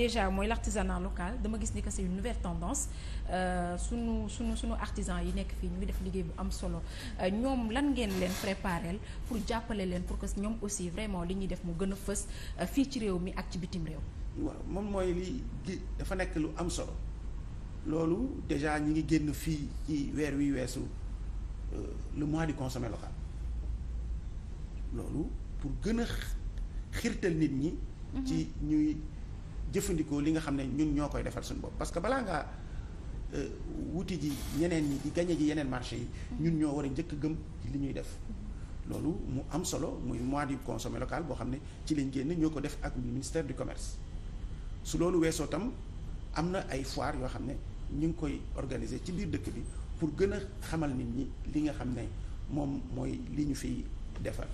déjà mooy l'artisanat locale dama gis ni que c'est une nouvelle tendance suñu euh, suñu sunu artisan yi nekk fii ñu ngi def liggéey bu am solo euh, ñoom lan ngeen leen préparel pour jàppale leen pour que ñoom aussi vraiment li ñuy def mu gën a fës euh, fii ci réew mi ak ci bitim réew. waaw moom mooy li gi dafa nekk lu am solo loolu déjà ñi ngi génn fii ci weer wi weesu lu mois du consommé local loolu pour gën a xirtal nit ñi. Mm-hmm. ci ñuy. jëfandikoo li nga xam ne ñun ñoo koy defal suñu bopp parce que balaa ngaa euh, wuti ji ñeneen ñi di gañe ji yeneen marché yi ñun ñoo war a njëkk gëm li ñuy def loolu mu am solo muy mois du consommé local boo xam ne ci lañ génn ñoo ko def ak ministère du commerce su loolu weesoo tam am na ay foire yoo xam ne ñu ngi koy organiser ci biir dëkk bi pour gën a xamal nit ñi li nga xam ne moom mooy li ñu fiy defar